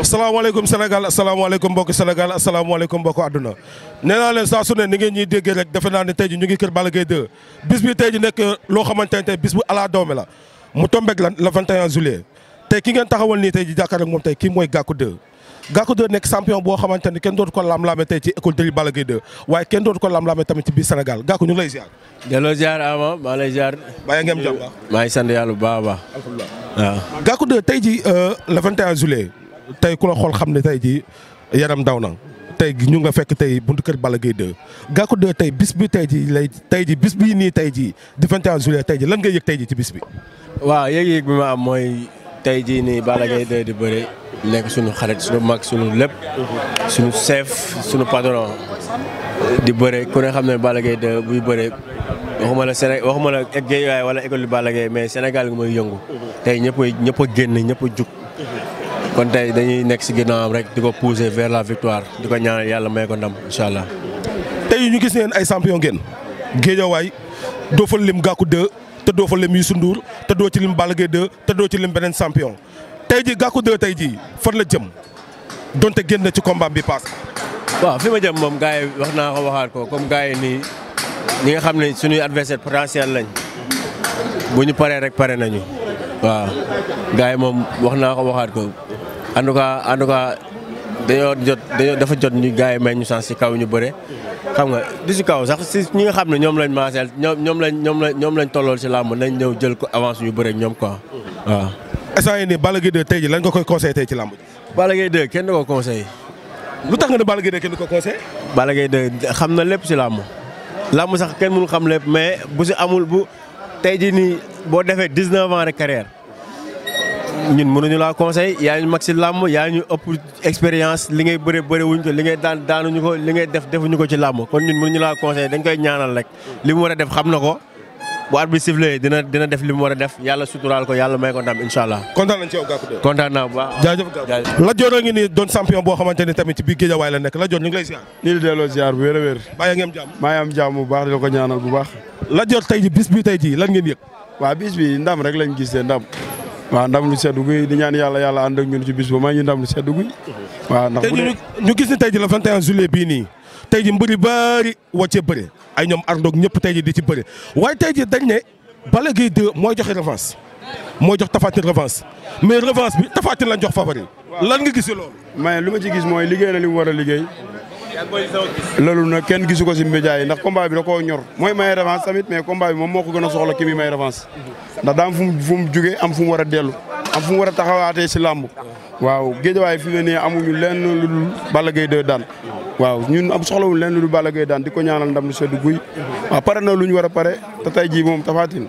asalaamaaleykum Sénégal asalaamaaleykum mbokki Sénégal asalaamaaleykum mbokki àdduna nee naa leen saa su ne ni ngeen ñuy déggee rek defe naa tey ji ñu ngi kër Balla Gaye 2 bis bi tey ji nekk loo xamante ne tey bis bu ala doome la mu tombeeg lan le 21 juillet tey ki ngeen taxawal nii tey ji jàkkaarloog moom tey kii mooy Gackou 2 Gackou 2 nekk champion boo xamante ne kenn dootu ko lam-laame tey ci école de Balla Gaye 2 waaye kenn dootu ko lam-laame tamit ci biir Sénégal Gackou ñu ngi lay ziar delloo ziar Ama maa lay ziar bàyyi ngeen ngi sant yàlla bu baax a baax tey ji euh, le 21 juillet tey ku la xool xam ne tey ji yaram daw na tey ñu nga fekk tey buntu kër Balla Gaye 2 Gackou 2 tey bis bi tey ji lay tey ji bis bi nii tey ji di 21 juillet tey ji lan ngay yëg tey ji bis bi waa yëg-yëg bi ma am mooy tey jii nii bala gay 2 di bëri nekk suñu xarit suñu mag suñu lépp suñu chef suñu patron di bëre ku ne xam ne Balla Gaye 2 buy bëre waxuma la Sénégal waxuma la Guédiawaye wala école bala Gaye mais Sénégal gi mooy yëngu tey ñëpp ñëpp génn ñëpp a kon tey dañuy nekk si ginnaawam rek di ko pousser vers la victoire di ko ñaanal yàlla may ko ndam incha allah. tey ñu gis ngeen ay sampion ngeen géejawaay doo fa lim gàkku 2 te doo fa lim Youssou Ndour te doo ci lim Balla Gaye te doo ci lim beneen sampion tey ji gàkku 2 tey ji fan la jëm donte génn ci combat bi paas. waaw fi ma jëm moom gars wax naa ko waxaat ko comme gars nii ñi nga xam ne suñuy adversaire potentiel lañ bu ñu paree rek pare nañu waaw gars yi moom wax naa ko waxaat ko. en tout cas en tout dañoo jot dañoo dafa jot ñu gars yi may ñu sens si kaw ñu bëre xam nga di si kaw sax si ñi nga xam ne ñoom lañ maaseel ñoom ñoom lañ ñoom ñoom lañ tollool si làmb nañ ñëw jël ko avance ñu bëre ñoom ko waaw. instant yii nii Balla Gaye tey jii lañ ko koy conseillé tey ci làmb ji. Balla Gaye 2 kenn du ko conseillé. lu tax nga ne Balla Gaye 2 kenn du ko conseillé. Balla Gaye xam na lépp si làmb. làmb sax kenn mënu xam lépp mais bu si amul bu tey jii nii boo defee 19 ans de carrière. ñun mënuñu laa conseil yaa ñu mag si làmb yaa ñu ëpp expérience li ngay bëre bëre wuñ ko li ngay daan daanuñu ko li ngay def defuñu ko ci làmb kon ñun mënuñu laa conseil dañ koy ñaanal rek li mu war a def xam na ko bu arbitre bi sifflé dina dina def li mu war a def yàlla suturaal ko yàlla may ko ndam incha allah. kontaan nañ ci yow Gackou de. kontaan naa bu baax a boo xamante ni tamit bii géejawaay la nekk Lat Dior ñu ngi lay ziar. a ko ñaanal bu baax. Lat Dior tey ji bis bi tey ji lan ngeen yëg. waa bis bi ndam rek lañ gisee ndam waaw ndam lu seddu guy di ñaan yàlla yàlla ànd ak ñun ci bis ba may ñu ndam lu seddu guy ñu gis ni tey ji le 21 juillet bii nii tey ji mbëri bëri wàcce bëri ay ñoom arndoog ñëpp tey ji di ci bëri waaye tey ji dañ ne Balla Gaye 2 mooy joxe revanche mooy jox Tapha Tine revanche mais revanche bi Tapha Tine lañ jox favori lan nga gis loolu mais lu ma ci gis mooy liggéey na li mu war a liggéey loolu na kenn gisu ko si média yi ndax combat bi da koo ñor mooy may revanche tamit mais combat bi moom moo ko gën a soxla ki muy may revanche ndax daa am fu mu fu mu jugee am fu mu war a dellu am fu mu war a taxawaatee si làmb waaw géejawaay fi ne nii amuñu lenn lu dul Balla Gaye 2 daan waaw ñun am soxlawul lenn lu dul Balla Gaye daan di ko ñaanal ndam lu sedd guy waaw pare na lu ñu war a pare te tey jii moom Tapha Tine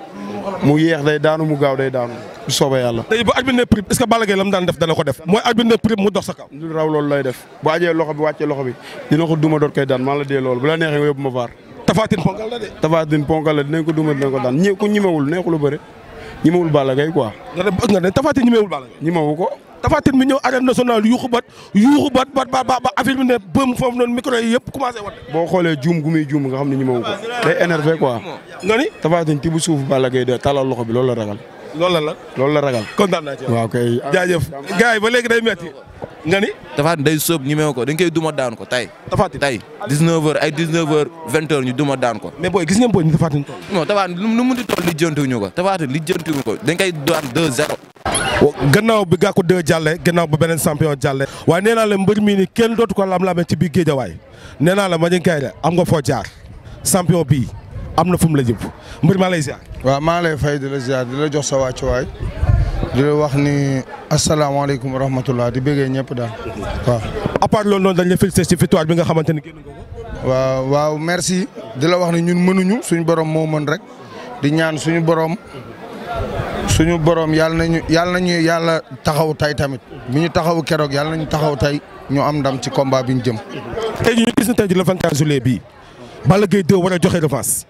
mu yéex day daanu mu gaaw day daanu bu soobee yàlla. tey bu aj bi est que Balla Gaye la mu daan def dana ko def mooy aj bi mu dox sa kaw. lu raw loolu lay def bu ajee loxo bi wàccee loxo bi dina ko duma door koy daan maa la dee loolu bu la neexee nga yóbbu ma vaar. Tafatin ponkal la de. Tafatin ponkal la dinañ daan ku ñimewul neexul bëre ñimewul Balla Gaye ñimewul ñimewu ko. Tafatin mi ñëw arène nationale yuuxu bat yuuxu bat ba ba affaire ne bëm foofu noonu micro yi yëpp loolu la la loolu la ragal. kontaan naa ci waaw kay. yi ba léegi day metti nga ni. Tapha Tine day sóob ñemewu ko dañ koy duma daan ko tay Tapha Tine tay 19h ay 19h 20h ñu duma daan ko. mais booy gis ngeen booy ñu Tapha Tine toll. non Tapha lu mu mënti toll lijjantiwuñu ko Tapha Tine lijjantiwuñu ko dañ koy daan 2-0. gannaaw bi gàkku deux jàlle gannaaw ba beneen champion jàlle waaye nee naa la mbër mii ni kenn dootu ko lam-lame ci biir géejawaay nee naa la Mbagnick Kaïré am nga foo jaar champion bii am na fu la jëm mbër maa waa ziar. waaw maa fay di la jox sa wàccuwaay di la wax ni asalaamaaleykum wa rahmatulah di bëggee ñëpp daal waaw. à part loolu noonu dañ la félicité ci victoire bi nga xamante ni génn nga ko. waaw waaw merci di la wax ni ñun mënuñu suñu boroom moo mën rek di ñaan suñu boroom suñu boroom yàlla nañu yàlla nañu yàlla taxaw tay tamit bi ñu taxaw keroog yàlla nañu taxaw tay ñu am ndam ci combat bi ñu jëm. tey ñu gis na tey ji la 24 juillet bi Balla Gaye 2 war joxe revanche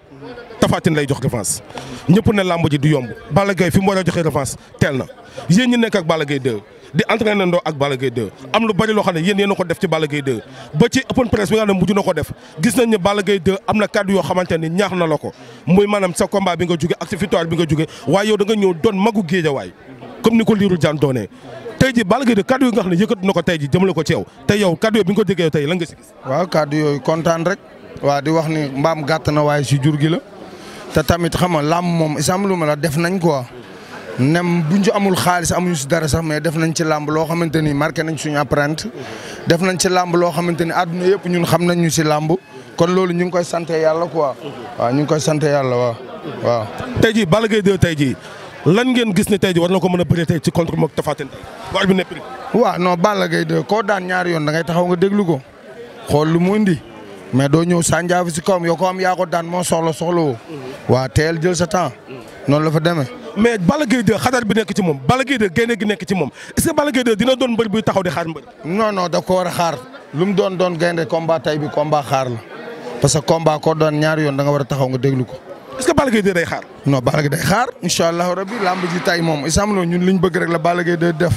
Tapha Tine lay jox revanche ñëpp ne làmb yomb Balla Gaye fi mu war a joxe revanche teel na yéen ñi nekk ak Balla Gaye 2 di entraîné ndoo ak Balla Gaye 2 am lu bari loo xam ne yéen yéen a ko def ci Balla Gaye 2 ba ci open press bi nga xam ne mujj ko def gis nañ ne Balla Gaye am na kàddu yoo ñaax na ko muy maanaam sa combat bi nga jóge ak sa victoire bi nga jóge waaye yow da ñëw doon magu géejawaay comme ni ko Lirou Diane doonee tey ji Balla Gaye 2 te tamit xam nga làmb moom isam lu ma la def nañ quoi nem bu ñu amul xaalis amuñu si dara sax mais def nañ ci làmb loo xamante ni marqué nañ suñu empreinte def nañ ci làmb loo xamante ni àdduna yëpp ñun xam nañ ñu si làmb kon loolu ñu ngi koy sant yàlla quoi. waaw ñu ngi koy sant yàlla wa tey jii bala Gaye 2 tey jii lan ngeen gis ne tey ji war na ko mën a bëree tey ci contre moom Tapha Tine tey. waaw non Balla Gaye 2 koo daan ñaari yoon da ngay taxaw nga déglu ko xool lu mu indi mais doo ñëw sànjaafi si kawam yoo ko am yaa ko daan moo soxla soxla woo. Mm-hmm. waa teel jël sa temps. noonu la fa demee. mais bala Gaye 2 bi nekk ci moom bala Gaye 2 gi nekk ci moom est-ce que doon mbër buy taxaw di xaar mbër. non non ko war a xaar lu mu doon doon gaynde combat tay bi combat xaar la parce que combat koo ñaari yoon da nga war a taxaw nga déglu ko. est-ce que Balla xaar. non Balla Gaye day xaar incha allahu rabi lamb ji tay moom isam loo ñun liñ bëgg rek la Balla Gaye 2 def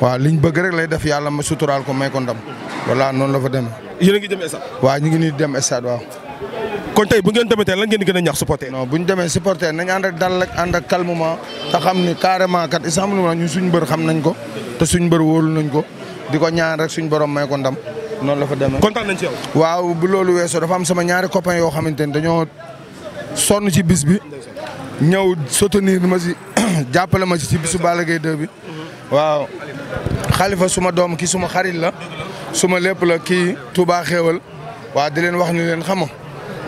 waaw liñ bëgg rek lay def yàlla ma suturaal ko may ko ndam voilà noonu la fa demee yéen a ngi jëm stade. waaw ñu ngi nii dem stade waaw. kon tey bu ngeen demee tey la ngeen di gën ñax ñaax supporter. non bu ñu demee supporter nañ ànd a dal ak ànd ak calmement te xam ni carrément kat is na ñu suñu mbër xam nañ ko te suñu mbër wóolu nañ ko di ko ñaan rek suñu borom may ko ndam noonu la fa demee. kontaan nañ ci yow. waaw bu loolu weesoo dafa am sama ñaari copain yoo xamante ni dañoo sonn ci bis bi ñëw soutenir ma si jàppale ma si ci bisu Balla Gaye 2 bi mm-hmm. waaw. xalifa suma doom ki suma xarit la suma lépp la kii tubaa xéewal waa di leen wax ni leen xama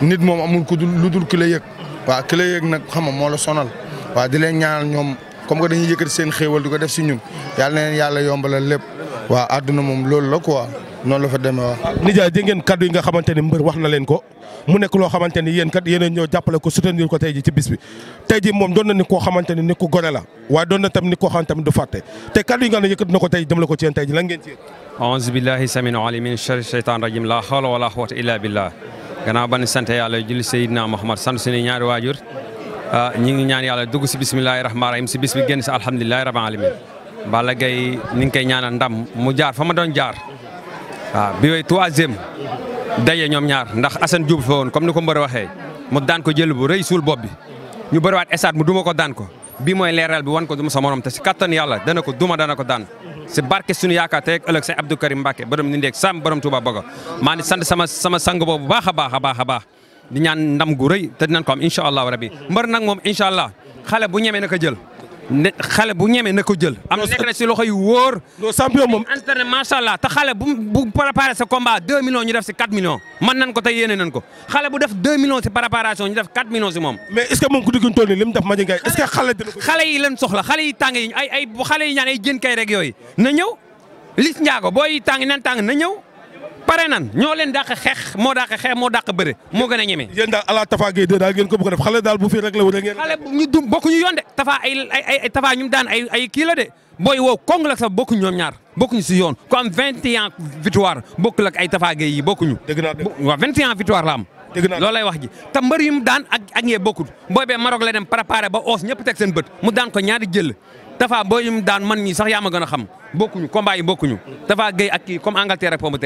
nit moom amul ku dul lu dul kilo la yëg waa ki la yëg nag xama moo la sonal waa di leen ñaanal ñoom comme que dañuy yëkkati seen xéewal di ko def si ñun yàlla na leen yàlla yombalal lépp waa àdduna moom loolu la ko quoi noonu la fa demee waa nijaay dégg ngeen kaddu yi nga xamante ne mbër wax na leen ko mu nekk loo xamante ni yéen kat yéen a ñëw jàppale ko soutenir ko tey ji ci bis bi moom doon na ni koo xamante ni nit ku gore la waaye doon du fàtte te kaddu yi nga xam ne yëkkati ko tey jëmale ko ci yéen tey ji lan ngeen ci yéen aouzu la hawla wala quwwata illa billah gannaaw ban sant yàlla julli Seydina Muhammad sant suñu ñaari waajur ah, ñi ngi ñaan yàlla dugg si bismillahi rahmaani rahim si bis bi génn si alhamdulilahi rabbil alamin Balla Gaye mu jaar fa ma doon jaar waaw ah, bi daje ñoom ñaar ndax Assane Diouf fa woon comme ni ko mbër waxee mu daan ko jël bu rëy suul bopp bi ñu bëriwaat esaat mu duma ko daan ko bii mooy leeral bi wan ko duma sa morom te si kattan yàlla dana ko duma dana ko daan si barke suñu yaakaar tey ak ëllëg sëñ Abdou Karim Mbacke borom ni ndeeg sam borom Touba Bogo maa ngi sant sama sama boobu baax a baax a a di ñaan ndam gu rëy te dinañ ko am incha rabi mbër nag moom incha xale bu ñemee na ko jël ne xale bu ñeme na ko jël. am na si loxo yu wóor. non champion moom entraîné allah te xale bu bu préparé sa combat 2 millions ñu def si 4 millions. mën nan ko te yéene nan ko xale bu def 2 millions si préparation ñu def 4 millions si moom. mais est moom ku dugguñ tool nii li def Madye Ngaye est xale. xale yi leen xale yi ñaan ay jën kay rek yooyu na ñëw Liss Ndiago booy yi tàng nan tàng na ñëw. pare nan ñoo leen dàq xeex moo dàq xeex moo dàq bëre moo gën a ñeme. yéen daal ala Tafa Gueye de daal ngeen ko bëgg a def xale daal bu fi rek la wala ngeen. xale ñu dum bokkuñu yoon de Tafa ay daan ay ay kii la de booy wow kong la sax bokkuñu ñoom ñaar bokkuñu si yoon ku am 21 victoire bokkul ak ay Tafa Gueye yi bokkuñu. dëgg naa dëgg waaw 21 victoire la am. dëgg naa wax ji te mbër yi daan ak ak ñee bokkul booy bee Maroc la dem préparé ba oos ñëpp teg seen bët mu daan ko ñaari jël Tafa boo ñu daan man mii sax yaa gën a xam bokkuñu combat yi bokkuñu Tafa ak kii comme Angleterre ak pomme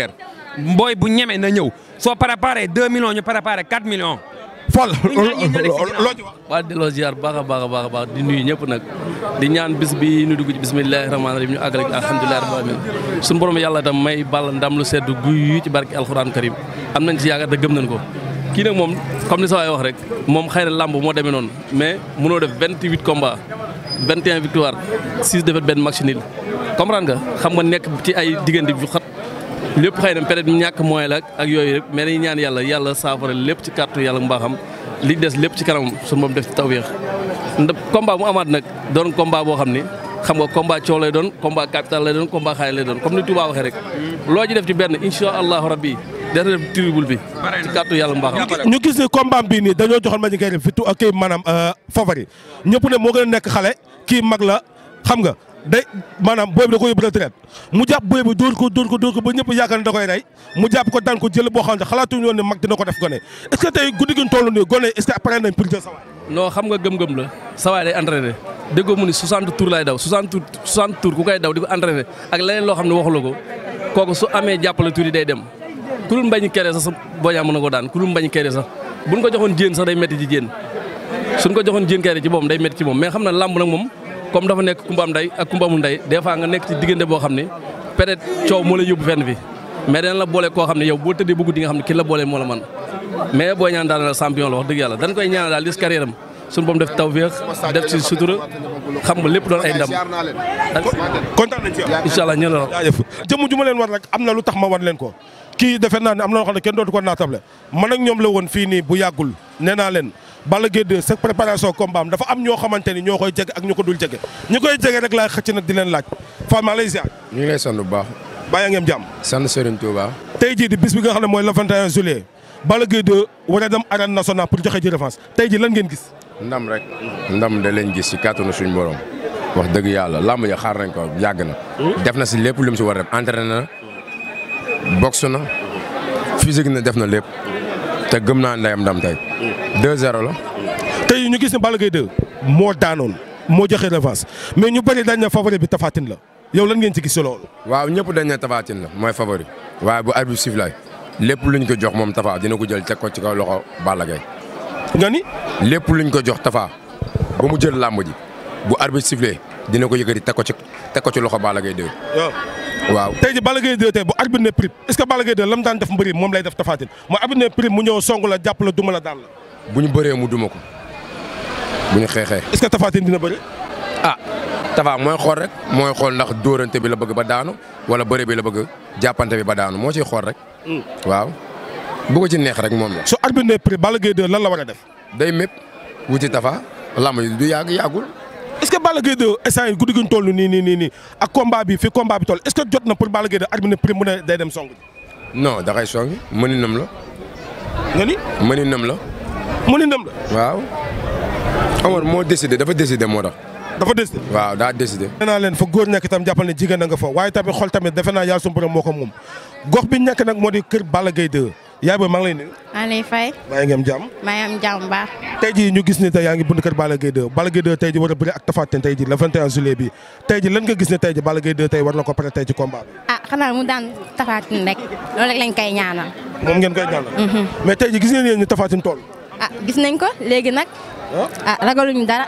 mbooy bu ñeme na ñëw soo préparé 2 millions ñu préparé 4 millions. fol loo ci wax. waa delloo ziar baax a baax a baax a baax di nuyu ñëpp nag di ñaan bis bi ñu dugg ci bismillahi rahmaani rahim ñu àggale ak alhamdulillahi rabbil alamin suñu borom yàlla itam may bàll ndam lu sedd guy ci barke alxuraan karim am nañ ci yaakaar te gëm nañ ko. kii nag moom comme ni sa waay wax rek moom moo demee noonu mais mënoo def 28 combats. 21 victoire 6 défaites benn match nul comprendre nga xam nga nekk ci ay diggante bu xat lépp xëy na peut-être ñàkk mooy la ak yooyu rek mais dañuy ñaan yàlla yàlla saafara lépp ci kàttu yàlla mbaaxam li des lépp ci kanam su moom def ci tawfeex ndax combat mu amaat nag doon combat boo xam ni xam nga combat coow doon combat capital lay doon combat xaay doon comme ni Touba waxee rek loo ci def ci benn incha allahu rabbi dana dem tribunal bi. ci kàttu yàlla mbaax ñu gis ni combat bii nii dañoo joxoon ma ñu koy def surtout ak kii maanaam euh, favori ñëpp ne moo gën a nekk xale kii mag la xam nga day maanaam booy bi da ko yóbbu retraite mu jàpp booy bi ko dóor ko ba ñëpp yaakaar ne da rey mu jàpp ko daan ko jël boo xam ne xalaatuñu woon ne mag dina ko def gone est-ce que tey guddi gi ñu toll nii gone est-ce que après nañ pour jël sawaay non xam nga gëm-gëm la sawaay day entraîné loo xam ne waxu ko kooku su amee jàppale tuuti day dem ku dul mbañ kere sax boo ñaa mën na ko daan ku dul mbañ kere sax buñ ko joxoon jéen sax day métti ci jéen suñ ko joxoon jéen kere ci moom day métti moom mais xam na làmb nag moom comme dafa nekk kumba am ak kumba amul ndey nga nekk ci diggante boo xam ne peut-être coow moo lay yóbbu fenn fi mais dana la boole koo xam ne yow boo tëddee bëgg di nga xam ne ki la boole moo la man mais boo ñaan daal la champion la wax dëgg yàlla dañ koy ñaanal daal lis carrière am suñu boom def tawfeex def ci sutura xam nga lépp doon ay ndam. kontaan nañ ci yow. la jaajëf ma leen war rek ko. kii defe naa ne am na loo xam ne kenn dootu ko naatable man ak ñoom la woon fii nii bu yàggul nee naa leen bala Gaye 2 sa préparation combat am dafa am ñoo xamante ni ñoo koy jege ak ñu ko dul jege ñu koy jege rek laay xëcc nag di leen laaj Fall maa lay ñu ngi lay bu baax. bàyyi ngeen jàmm. sant Serigne Touba. tey jii di bis bi nga xam ne mooy le 21 juillet Balla Gaye 2 war a dem arène nationale pour joxe ji revanche tey jii lan ngeen gis. ndam rek. ndam da leen gis si kàttanu suñu borom. wax dëgg yàlla làmb ja xaar nañ ko yàgg na. Hmm? def na si lépp lu mu si war a na boxe na physique na def na lépp te gëm naa ndeyam ndam tey 2-0 la. tey ñu gis ne Balla Gaye moo daanoon moo joxe revanche mais ñu bari dañ na favori bi Tapha la yow lan ngeen ci gis si waaw ñëpp dañ ne Tapha Tine la mooy favori waaye bu arbitre sifflaay lépp luñ ko jox moom Tapha dina ko jël teg ko ci kaw loxo Balla nga ni. lépp luñ ko jox Tapha ba mu jël làmb ji bu arbitre dina ko yëkkati teg ko ci teg ci loxo Balla Gaye 2. waaw tey ji Balla Gaye 2 tey bu arbitre ne prime est ce que Balla Gaye 2 la mu daan def mbëri moom lay def tafaatin mooy arbitre ne prime mu ñëw song la jàpp la duma la daan la. bu ñu bëree mu duma ko bu ñu xeexee. est ce que tafaatin dina bëri. ah tafa mooy xool rek mooy xool ndax dóorante bi la bëgg ba daanu wala bëre bi la bëgg jàppante bi ba daanu moo ciy xool rek. Hmm. waaw bu ko ci neex rek moom la. su arbitre ne prime Balla Gaye 2 lan la war a def. day mépp wuti tafa lamb yi du yàgg yàggul. est-ce que bala Gaye 2 instant yi guddi gi ñu toll ni nii nii nii ak combat bi fi combat bi toll est-ce que jot na pour Balla Gaye 2 arbitre bi mu ne day dem song. non da koy song mëninam la. nga ni. mëninam la. waaw. Amar moo décidé dafa décidé moo tax. dafa décidé waaw daa décidé. nee naa leen fa góor nekk itam jàppal ne jigéen a nga fa waaye tamit xol tamit defe naa yàlla suñu borom moo ko moom gox bi nekk nag moo di kër Balla Gaye 2 yaay booy maa ngi lay nuyu. maa ngi lay fay. maa ngi tey jii ñu gis ne tey yaa ngi bunt kër Balla Gaye 2 Balla Gaye tey jii war a bëri ak Tapha Tine tey jii le 21 juillet bi tey jii lan nga gis ne tey jii Balla Gaye 2 tey war na ko pare tey ci combat ah xanaa mu daan Tapha rek loolu rek lañ koy ñaanal. moom mhm. mais tey jii gis ngeen ñu Tapha Tine toll. ah gis nañ ko léegi nag. ah, ah ragaluñu dara.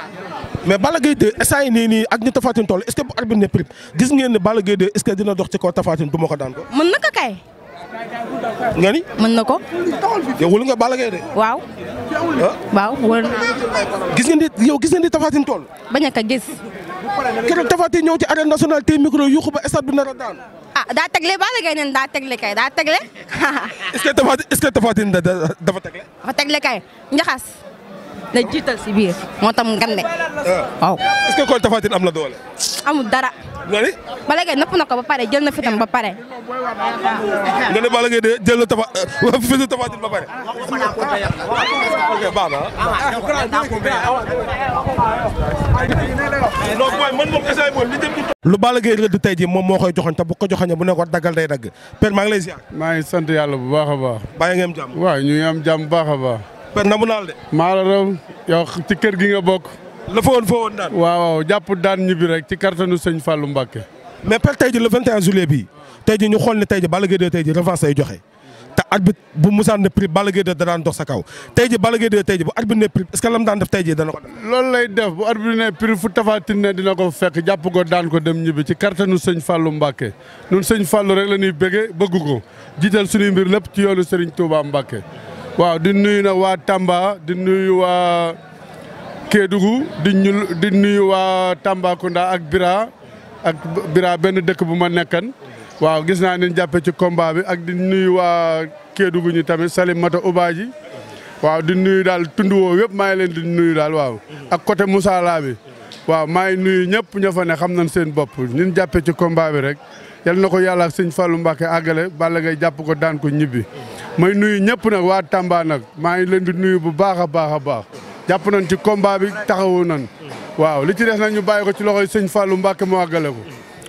mais Balla Gaye 2 instant nii nii ak ñu Tapha Tine ko daan ko. nga ni. mën na ko. yow wëlu nga Balla Gaye de. waaw. Ah. waaw wër gis ngeen di yow gis ngeen di Tapha Tine tool. bañ a ko gis. keroog Tapha Tine ñëw ci arène nationale tey micro yuuxu ba stade bi nar daan. ah daa tegle Balla Gaye neen daa tegle kay daa tegle. est-ce que Tapha Tine est dafa tegle. dafa tegle kay njaxas. la jiital si biir moo tam mu gande. Ah. waaw est-ce que kon am la doole. amul dara. nga ni. Balla napp na ba pare jël na fitam ba pare. nga ne Balla Gaye de jël na Tapha fitu Tapha Tine ba pare. baax na non mooy man moom essayé moom li jëm lu Balla Gaye rëdd tey jii moom moo koy joxoon te bu ko joxoon bu ne ko daggal day dagg. père maa ngi lay ziar. maa ngi sant yàlla bu baax a baax. bàyyi ngeen am jàmm. waaw ñu am jam bu baax a baax. per namu naal de. maa la raw yow ci kër gi nga bokk. la fa woon foo woon daan. waaw waaw jàpp daan ñibbi rek ci kattanu sëñ Fallou Mbacké. mais per tey ji le 21 juillet bii tey ji ñu xool ne tey ji Balla Gaye 2 tey ji revanche ay joxe te arbitre bu musaan ne prix Balla Gaye dox sa kaw tey ji Balla Gaye tey ji bu arbitre ne prix que lam daan def tey ji dana ko. loolu lay def bu arbitre ne fu tafaatin ne dina ko fekk jàpp ko daan ko dem ñibbi ci kattanu sëñ Fallou Mbacké ñun la ñuy bëggee bëgg ko jiital suñuy mbir ci yoonu Serigne Touba Mbacké waaw di nuyu na waa Tamba di nuyu waa kéedugu di di nuyu waa Tambacounda ak Bira ak Bira benn dëkk bu ma nekkan waaw gis naa ne jàppe ci combat bi ak di nuyu waa Kédougou ñu tamit Salimata Ubaji waaw di nuyu daal tund woo yëpp maa ngi leen di nuyu daal waaw ak côté Moussala bi waaw maa ngi nuyu ñëpp ña ne xam nañ seen bopp ñun jàppee ci combat bi rek yal na ko yàlla ak sëñ Fallou Mbacke àggale bala jàpp ko daan ko ñibbi may nuyu ñëpp nag waat Tamba nag maa ngi leen di nuyu bu baax a baax a baax jàpp nañ ci combat bi taxawu nañ waaw li ci des nag ñu bàyyi ko ci loxoy sëñ Fallou Mbacke mu àggale ko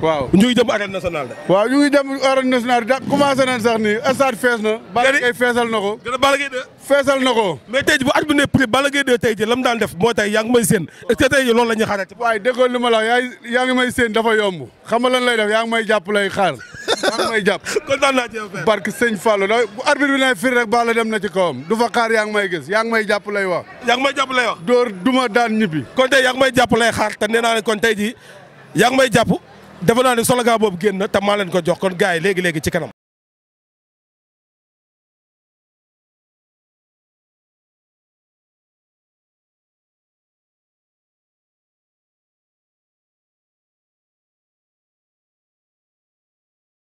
waaw ñu ngi dem arène nationale de. waaw ñu ngi dem arène nationale da commencé nañ sax nii stade fees na. Balla feesal na ko. gën a Balla Gaye de. ko. mais tey ji bu at bi ne prix Balla de tey ji la mu daan def moo tey yaa ngi may séen est-ce que tey ji loolu la ñuy xaarati. waaye déggoo li ma la yaa ngi may séen dafa yomb xam nga lan lay def yaa ngi may jàpp lay man may jàpp kontaan naa ci affaire barke sëñ Fallou da bu arbitre bi nay firi rek bala dem na ci kawam du fa xaar yaa ngi may gis yaa ngi may jàpp lay wax yaa ngi may jàpp lay wax dóor duma daan ñibbi kon tey yaa ngi may jàpp lay xaar te nee naa ne kon tey ji yaa ngi may jàpp defe naa ne solaga boobu génn te maa leen ko jox kon gars yi léegi-léegi ci kanam